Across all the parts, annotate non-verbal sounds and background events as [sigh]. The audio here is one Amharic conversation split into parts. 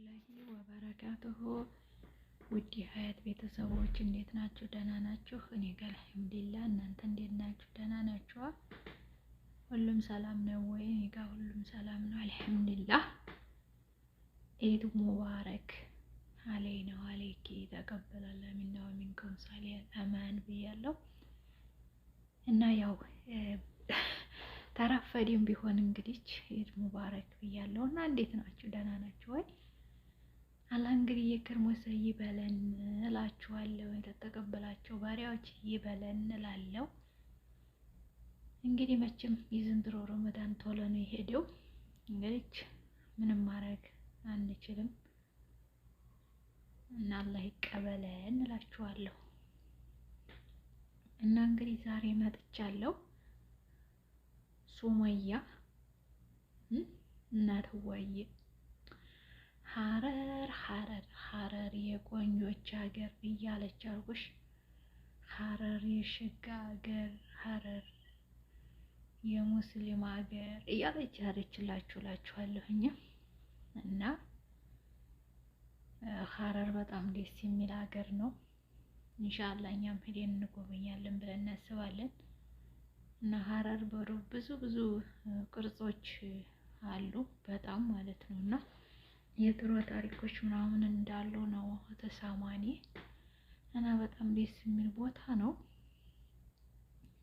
ወረህመቱላሂ ወበረካቱሁ ውድ ሀያት ቤተሰቦች እንዴት ናችሁ? ደህና ናችሁ? እኔ ጋር አልሐምዱሊላህ። እናንተ እንዴት ናችሁ? ደህና ናችኋ? ሁሉም ሰላም ነው ወይ? እኔ ጋር ሁሉም ሰላም ነው አልሐምዱሊላህ። ኢድ ሙባረክ አለይና አለይኪ ተቀበላላ ሚና ወሚንኩም ሳሊህ አማን ብያለሁ እና ያው ተረፈዴም ቢሆን እንግዲህ ኢድ ሙባረክ ብያለሁ እና እንዴት ናችሁ? ደህና ናችሁ ወይ? አላህ እንግዲህ የከርሞሰ ይበለን እላችኋለሁ። የተቀበላቸው ባሪያዎች ይበለን እላለሁ። እንግዲህ መቼም የዘንድሮ ረመዳን ቶሎ ነው የሄደው። እንግዲህ ምንም ማድረግ አንችልም እና አላህ ይቀበለን እላችኋለሁ። እና እንግዲህ ዛሬ መጥቻለሁ ሱመያ እናትዋዬ ሀረር ሀረር ሀረር የጎኞች ሀገር እያለች አልኩሽ። ሀረር የሽጋ ሀገር ሀረር የሙስሊም ሀገር እያለች ሄደችላችሁ እላችኋለሁኝ እና ሀረር በጣም ደስ የሚል ሀገር ነው። እንሻላ እኛም ሄደን እንጎበኛለን ብለን እናስባለን እና ሀረር በሩ ብዙ ብዙ ቅርጾች አሉ በጣም ማለት ነው እና የድሮ ታሪኮች ምናምን እንዳሉ ነው ተሰማኝ እና በጣም ደስ የሚል ቦታ ነው።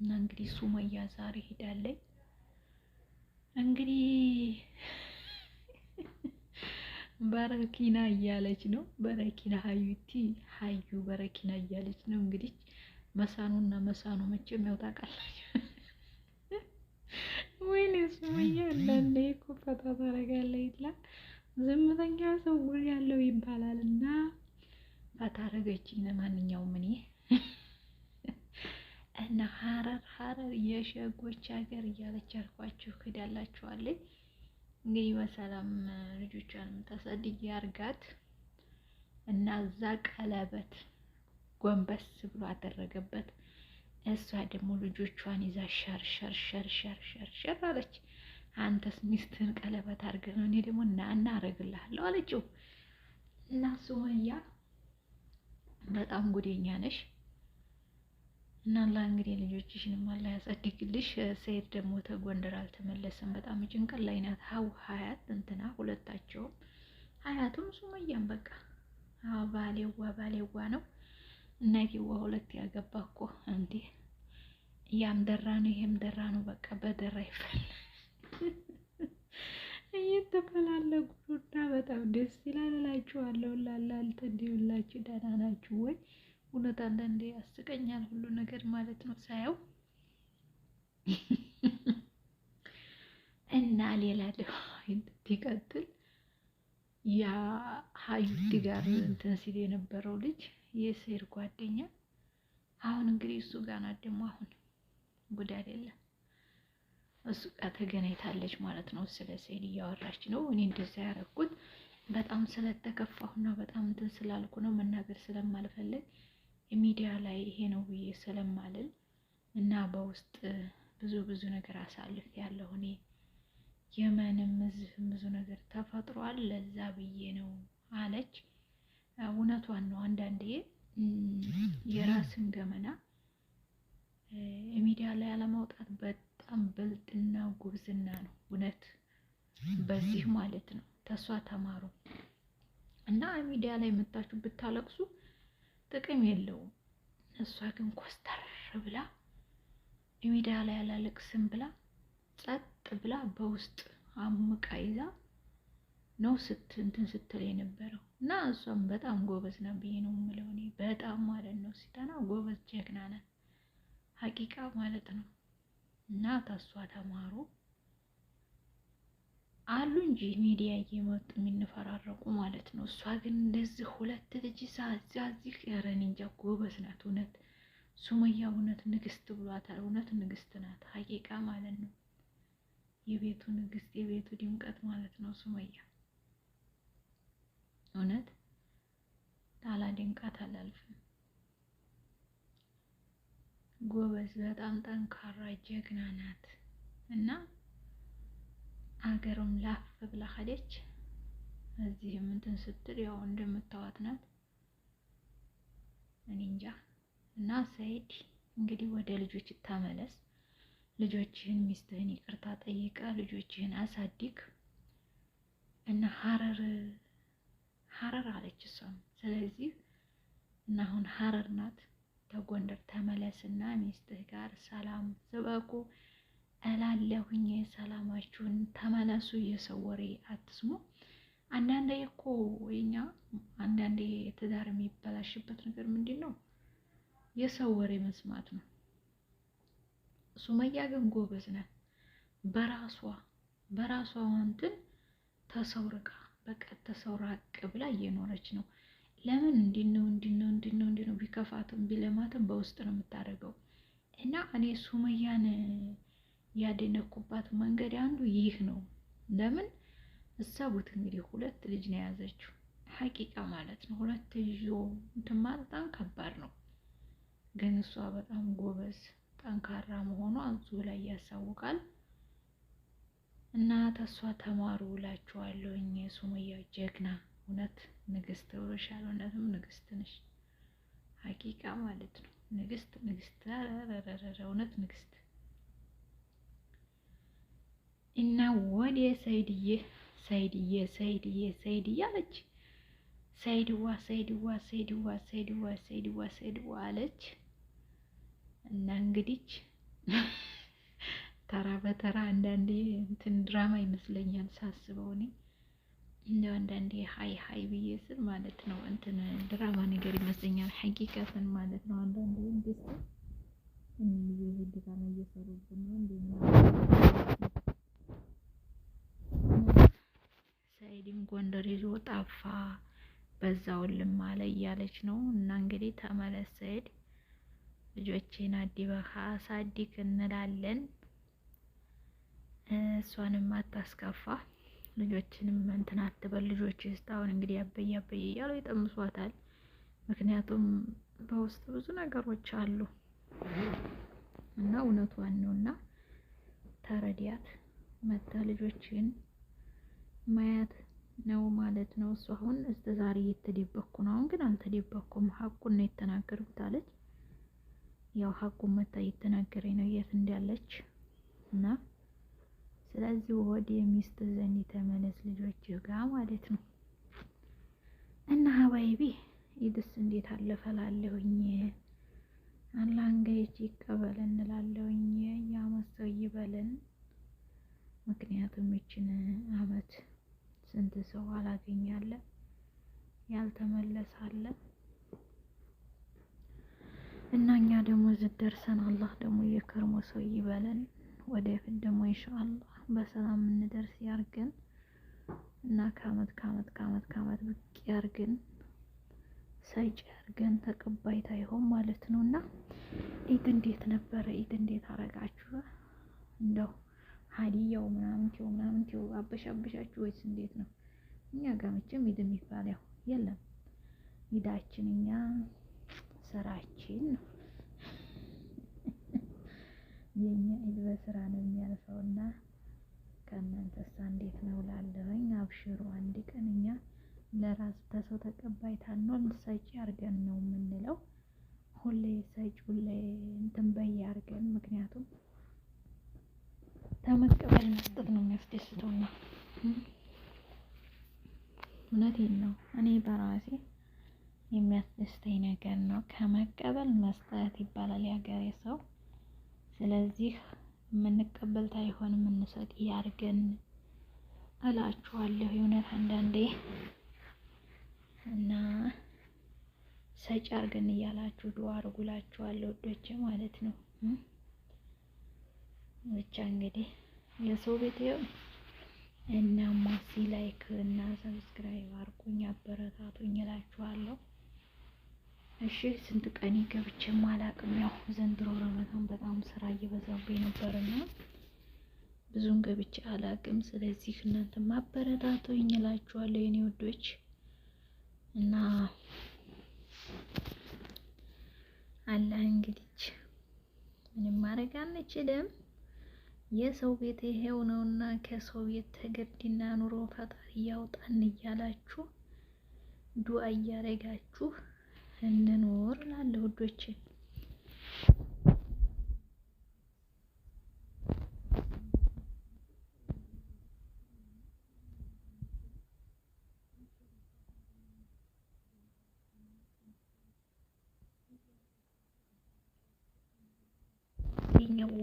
እና እንግዲህ ሱመያ ዛሬ ሄዳለች። እንግዲህ [laughs] በረኪና እያለች ነው። በረኪና ሀዩቲ ሀዩ በረኪና እያለች ነው። እንግዲህ መሳኑ እና መሳኑ መቼ ያው [laughs] ወይኔ ሱመያ አንዳንዴ እኮ ታረጋለ ይላል ዝምተኛ ሰው ጉድ ያለው ይባላል እና ባታረገችኝ ለማንኛውም እኔ እና ሀረር ሀረር የሸጎች ሀገር እያለች ያልኳችሁ ክዳላችኋለች። እንግዲህ በሰላም ልጆቿን ተሰድግ ያርጋት እና እዛ ቀለበት ጎንበስ ብሎ አደረገበት። እሷ ደግሞ ልጆቿን ይዛ ሸርሸርሸርሸርሸርሸር አለች። አንተስ ሚስትህን ቀለበት አድርገህ ነው እኔ ደግሞ እና አረግልሃለሁ አለችው። እና ሱመያ በጣም ጉደኛ ነሽ። እና አላህ እንግዲህ ልጆችሽንም አላህ ያጸድቅልሽ። ሰይድ ደግሞ ተጎንደር አልተመለሰም። በጣም ጭንቀት ላይ ናት ሀው ሀያት እንትና ሁለታቸውም ሀያቱም ሱመያም በቃ ባሌዋ ባሌዋ ነው እናቴዋ ሁለት ያገባ እኮ እንዴ ያም ደራ ነው ይሄም ደራ ነው በቃ በደራ ይፈላል። እየተፈላለጉ እና በጣም ደስ ይላል እላችኋለሁ። ላላልተ እንዲሁላችሁ ደህና ናችሁ ወይ? እውነት አንዳንዴ ያስቀኛል ሁሉ ነገር ማለት ነው ሳየው እና ሌላ ይቀጥል ያ ሀዩቲ ጋር እንትን ሲል የነበረው ልጅ የሴር ጓደኛ አሁን እንግዲህ እሱ ጋር ናት ደግሞ አሁን ጉዳይ የለም። እሱ ጋር ተገናኝታለች ማለት ነው። ስለ ሴል እያወራች ነው። እኔ እንደዛ ያደረኩት በጣም ስለተከፋሁና በጣም እንትን ስላልኩ ነው። መናገር ስለማልፈልግ ሚዲያ ላይ ይሄ ነው ብዬ ስለማልል እና በውስጥ ብዙ ብዙ ነገር አሳልፍ ያለሁ እኔ የመንም እዚህም ብዙ ነገር ተፈጥሯል። ለዛ ብዬ ነው አለች። እውነቷን ነው። አንዳንዴ የራስን ገመና ሚዲያ ላይ አለማውጣት በጣም ብልጥና ጉብዝና ነው እውነት በዚህ ማለት ነው። ተሷ ተማሩ እና ሚዲያ ላይ መታችሁ ብታለቅሱ ጥቅም የለውም። እሷ ግን ኮስተር ብላ ሚዲያ ላይ አላለቅስም ብላ ጸጥ ብላ በውስጥ አምቃ ይዛ ነው ስት እንትን ስትል የነበረው እና እሷም በጣም ጎበዝ ና ብዬ ነው የምለው እኔ በጣም ማለት ነው ሲጠና ጎበዝ ጀግና ናት ሀቂቃ ማለት ነው። እና ታሷ ተማሩ አሉ እንጂ ሚዲያ እየመጡ የሚንፈራረቁ ማለት ነው። እሷ ግን እንደዚህ ሁለት ልጅ ሳዚያ ዚህ ረን እንጃ ጎበዝ ናት። እውነት ሱመያ እውነት ንግስት ብሏታል። እውነት ንግስት ናት። ሀቂቃ ማለት ነው። የቤቱ ንግስት፣ የቤቱ ድምቀት ማለት ነው። ሱመያ እውነት ታላ ድምቀት አላልፍም። ጎበዝ፣ በጣም ጠንካራ ጀግና ናት እና አገሩም ላፍ ብላ ሄደች። እዚህም እንትን ስትል ያው እንደምታዋት ናት። እኔ እንጃ እና ሰይድ እንግዲህ ወደ ልጆች ታመለስ። ልጆችህን ሚስትህን ይቅርታ ጠይቀ ልጆችህን አሳድግ እና ሀረር ሀረር አለች እሷም። ስለዚህ እና አሁን ሀረር ናት ከጎንደር ተመለስና ሚስትህ ጋር ሰላም ስበኩ እላለሁኝ። ሰላማችሁን ተመለሱ፣ የሰው ወሬ አትስሙ። አንዳንዴ እኮ ወይኛ አንዳንዴ ትዳር የሚበላሽበት ነገር ምንድን ነው? የሰው ወሬ መስማት ነው። ሱመያ ግን ጎበዝ ናት። በራሷ በራሷ እንትን ተሰውርቃ በቃ ተሰውራቅ ብላ እየኖረች ነው። ለምን እንዲህ ነው እንዲህ ነው እንዲህ ነው እንዲህ ነው ቢከፋትም ቢለማትም በውስጥ ነው የምታደርገው። እና እኔ ሱመያን ያደነኩባት መንገድ አንዱ ይህ ነው። ለምን እሰቡት እንግዲህ ሁለት ልጅ ነው የያዘችው ሀቂቃ ማለት ነው። ሁለት ልጅ እንትን ማለት በጣም ከባድ ነው። ግን እሷ በጣም ጎበዝ ጠንካራ መሆኗ እዚሁ ላይ ያሳውቃል። እና ተሷ ተማሩ እላችኋለሁ። ሱመያ ጀግና እውነት ንግስት ብሎሻል። እውነትም ንግስት ነሽ፣ ሀቂቃ ማለት ነው። ንግስት ንግስት፣ ረረረረ እውነት ንግስት እና ወዴ ሰይድዬ ሰይድዬ ሰይድዬ ሰይድዬ አለች። ሰይድዋ ሰይድዋ ሰይድዋ ሰይድዋ ሰይድዋ ሰይድዋ አለች። እና እንግዲህ ተራ በተራ አንዳንዴ እንትን ድራማ ይመስለኛል ሳስበው እኔ እንደ አንዳንዴ ሀይ ሀይ ብዬ ስል ማለት ነው እንትን ድራማ ነገር ይመስለኛል፣ ሐቂቀትን ማለት ነው። አንዳንዴ እንዴት ነው እነዚህ ድራማ እየሰሩብን ነው እንደኛ ሰኢድም ጎንደር ይዞ ጠፋ፣ በዛው ልማለ እያለች ነው። እና እንግዲህ ተመለስ ሰኢድ፣ ልጆቼን አዲበካ ሳዲክ እንላለን፣ እሷንም አታስከፋ ልጆችንም እንትን አትበል ልጆች እስካሁን እንግዲህ አበይ አበይ እያሉ ይጠምሷታል። ምክንያቱም በውስጥ ብዙ ነገሮች አሉ እና እውነቷን ነው እና ተረዲያት መታ ልጆችን ማያት ነው ማለት ነው። እሱ አሁን እስከ ዛሬ እየተደበኩ ነው፣ አሁን ግን አልተደበኩም፣ ሀቁን ነው የተናገርኩት አለች። ያው ሀቁን መታ እየተናገረኝ ነው የት እንዳለች እና ስለዚህ ወደ የሚስት ዘንድ ተመለስ ልጆች ጋር ማለት ነው። እና ሀባይቢ ይድስ እንዴት አለፈላለሁኝ አላህ እንግዲህ ይቀበል እንላለሁኝ። ያመሰው ሰው ይበለን። ምክንያቱም ይችን አመት ስንት ሰው አላገኛለ ያልተመለሳለ እና እኛ ደግሞ ዝደርሰን አላህ ደግሞ የከርሞ ሰው ይበለን። ወደፊት ደግሞ ኢንሻአላህ በሰላም እንደርስ ያርገን እና ከአመት ከአመት ከአመት ከአመት ብቅ ያርገን ሰጭ ያርገን ተቀባይታ ይሆን ማለት ነው። እና ኢድ እንዴት ነበረ? ኢድ እንዴት አረጋችሁ? እንደው ሀዲያው ምናምን ቲው ምናምን ቲው አበሻ ወይስ እንዴት ነው? እኛ ጋር መቼም ኢድ የሚባል ያው የለም። ኢዳችን እኛ ስራችን ነው የኛ ኢድ በስራ ነው የሚያልፈውና ከእናንተሳ እንዴት ነው ላለሁኝ አብሽሩ። አንድ ቀን እኛ ለራስ ተሰው ተቀባይ ታንሆን ሰጪ አድርገን ነው የምንለው። ሁሌ ሰጪ ሁሌ እንትን በይ አድርገን ምክንያቱም ተመቀበል መስጠት ነው የሚያስደስተውና እውነቴን ነው። እኔ በራሴ የሚያስደስተኝ ነገር ነው ከመቀበል መስጠት ይባላል የሀገሬ ሰው። ስለዚህ የምንቀበል ታይሆን የምንሰጥ ያርገን እላችኋለሁ። የእውነት አንዳንዴ እና ሰጪ አርገን እያላችሁ ዱዓ አርጉላችኋለሁ ወዶች ማለት ነው። ብቻ እንግዲህ የሰው ቤት እና ማሲ ላይክ እና ሰብስክራይብ አርጉኝ፣ አበረታቱኝ እላችኋለሁ። እሺ ስንት ቀን ገብቼም አላቅም። ያው ዘንድሮ ረመዳን በጣም ስራ እየበዛብኝ ነበርና ብዙም ገብቼ አላቅም። ስለዚህ እናንተ ማበረታቱኝ እላችኋለሁ የኔ ወዶች እና አለ እንግዲህ ምንም ማድረግ አንችልም። የሰው ቤት ይሄው ነውና ከሰው ቤት ተገድና ኑሮ ፈጣሪ እያውጣን እያላችሁ ዱአ እያረጋችሁ እንኖር እላለሁ ውዶቼ።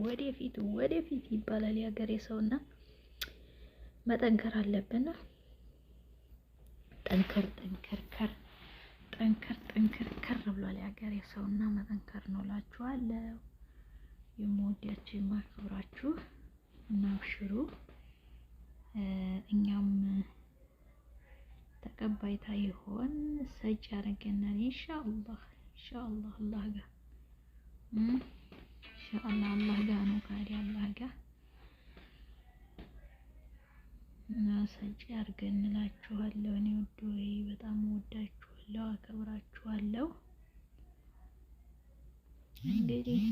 ወደፊት ወደፊት ይባላል የሀገሬ ሰውና መጠንከር አለብን። ጠንከር ጠንከር ከር ጠንከር ጠንከር ከር ብሏል የሀገር የሰውና መጠንከር ነው እላችኋለሁ። የምወዳችሁ የማክብራችሁ እና አብሽሩ። እኛም ተቀባይታ ይሆን ሰጭ ያደረገናል። ኢንሻአላህ ኢንሻአላህ አላህ ጋር ኢንሻአላህ አላህ ጋር ነው ካዲ አላህ ጋር እና ሰጭ ያድርገን እላችኋለሁ። እኔ ወዶይ በጣም ወዳችሁ እወዳችኋለሁ፣ አከብራችኋለሁ። እንግዲህ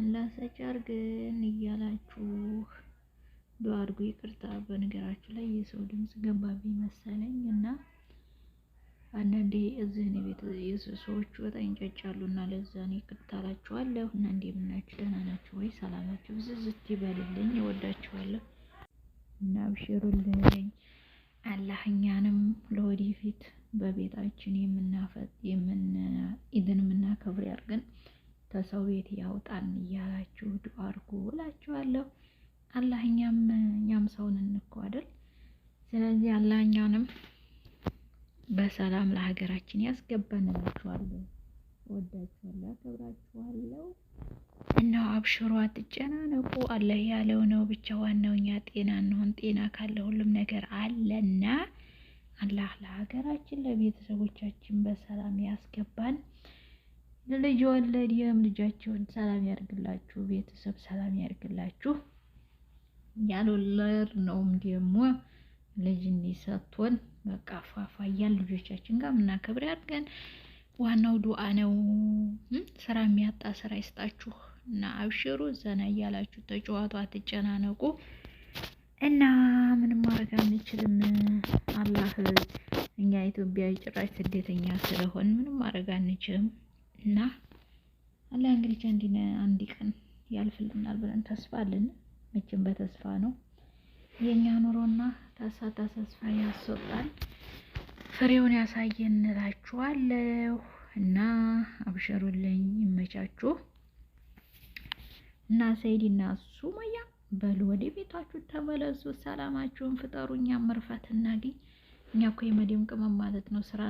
እንዳሰጫርግን እያላችሁ ዱአ አድርጉ። ይቅርታ በነገራችሁ ላይ የሰው ድምፅ ገባቢ መሰለኝ እና አንዳንዴ እዚህ ቤት በጣም እና ለዛ ነው ይቅርታ እና እንደምናችሁ ደህና ሰላማችሁ ብዙ ብዝዝት ይበልልኝ። እወዳችኋለሁ እና አብሽሩልኝ። አላህኛንም እኛንም ለወደፊት በቤታችን የምናፈጥ የምን ኢድን የምናከብር ያድርገን። ተሰው ቤት ያውጣን እያላችሁ ዱአ አድርጉ እላችኋለሁ። አላህ እኛም እኛም ሰውን እንኳደል። ስለዚህ አላህኛንም በሰላም ለሀገራችን ያስገባን እላችኋለሁ። እወዳችኋለሁ፣ አከብራችኋለሁ እና አብሽሯ አትጨናነቁ። አላህ ያለው ነው። ብቻ ዋናው እኛ ጤና እንሆን። ጤና ካለ ሁሉም ነገር አለና አላህ ለሀገራችን ለቤተሰቦቻችን በሰላም ያስገባን። ልጅ ወለድ የም ልጃቸውን ሰላም ያርግላችሁ፣ ቤተሰብ ሰላም ያርግላችሁ። ያልወለድ ነውም ደግሞ ልጅ እንዲሰጥቶን በቃ ፏፏ እያልን ልጆቻችን ጋር ምናከብር ያድርገን። ዋናው ዱአ ነው። ስራ የሚያጣ ስራ ይስጣችሁ እና አብሽሩ፣ ዘና እያላችሁ ተጫዋቱ፣ አትጨናነቁ እና ምንም ማድረግ አንችልም። አላህ እኛ ኢትዮጵያ ጭራሽ ስደተኛ ስለሆን ምንም ማድረግ አንችልም እና አላህ እንግዲህ አንድ አንድ ቀን ያልፍልናል ብለን ተስፋ አለን። መቼም በተስፋ ነው የእኛ ኑሮና ታሳታ ተስፋ ያስወጣል። ፍሬውን ያሳየን እና አብሸሩልኝ፣ ይመቻችሁ። እና ሰይድና ሱመያ በሉ ወደ ቤታችሁ ተመለሱ፣ ሰላማችሁን ፍጠሩ። እኛም መርፋት እናግኝ። እኛ እኮ የመዲም ቅመም ማለት ነው ስራ